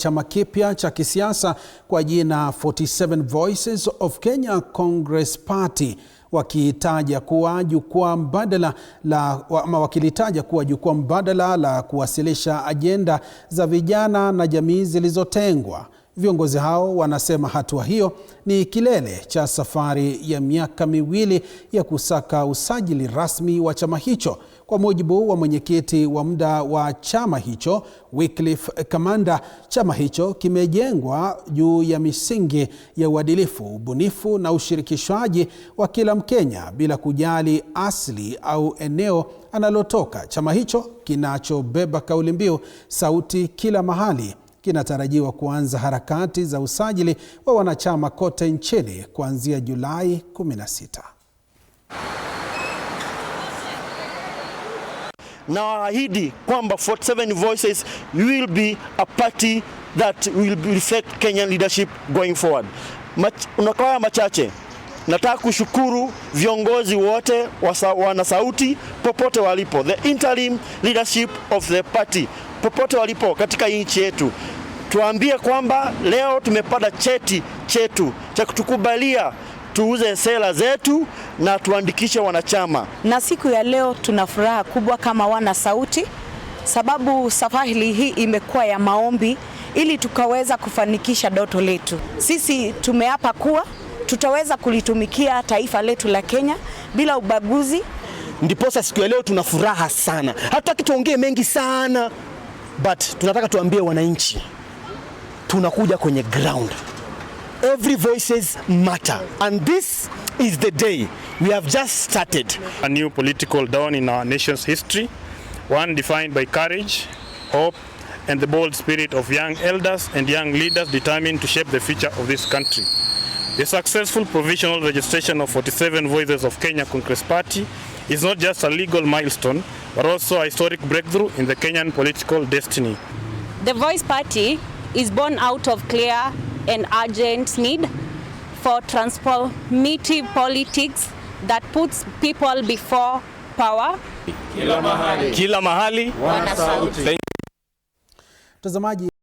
Chama kipya cha kisiasa kwa jina 47 Voices of Kenya Congress Party wakitaja kuwa jukwaa mbadala la ama wakilitaja kuwa jukwaa mbadala la kuwasilisha ajenda za vijana na jamii zilizotengwa. Viongozi hao wanasema hatua hiyo ni kilele cha safari ya miaka miwili ya kusaka usajili rasmi wa chama hicho. Kwa mujibu wa mwenyekiti wa muda wa chama hicho Wycliffe Kamanda, chama hicho kimejengwa juu ya misingi ya uadilifu, ubunifu na ushirikishwaji wa kila Mkenya bila kujali asili au eneo analotoka. Chama hicho kinachobeba kauli mbiu sauti kila mahali kinatarajiwa kuanza harakati za usajili wa wanachama kote nchini kuanzia Julai 16. Na waahidi kwamba 47 Voices will be a party that will reflect Kenyan leadership going forward. Unakwaya machache Nataka kushukuru viongozi wote wana sauti popote walipo, the interim leadership of the party popote walipo katika nchi yetu tuambie kwamba leo tumepata cheti chetu cha kutukubalia tuuze sera zetu na tuandikishe wanachama. Na siku ya leo tuna furaha kubwa kama wana sauti, sababu safari hii imekuwa ya maombi ili tukaweza kufanikisha doto letu. Sisi tumeapa kuwa tutaweza kulitumikia taifa letu la Kenya bila ubaguzi. Ndiposa siku ya leo tuna furaha sana, hatutaki tuongee mengi sana but tunataka tuambie wananchi tunakuja kwenye ground. Every voices matter and this is the day we have just started a new political dawn in our nation's history one defined by courage hope and the bold spirit of young elders and young leaders determined to shape the future of this country the successful provisional registration of 47 voices of Kenya Congress Party is not just a legal milestone but also a historic breakthrough in the Kenyan political destiny the voice party is born out of clear and urgent need for transformative politics that puts people before power. Kila mahali, kila mahali wana sauti. Mtazamaji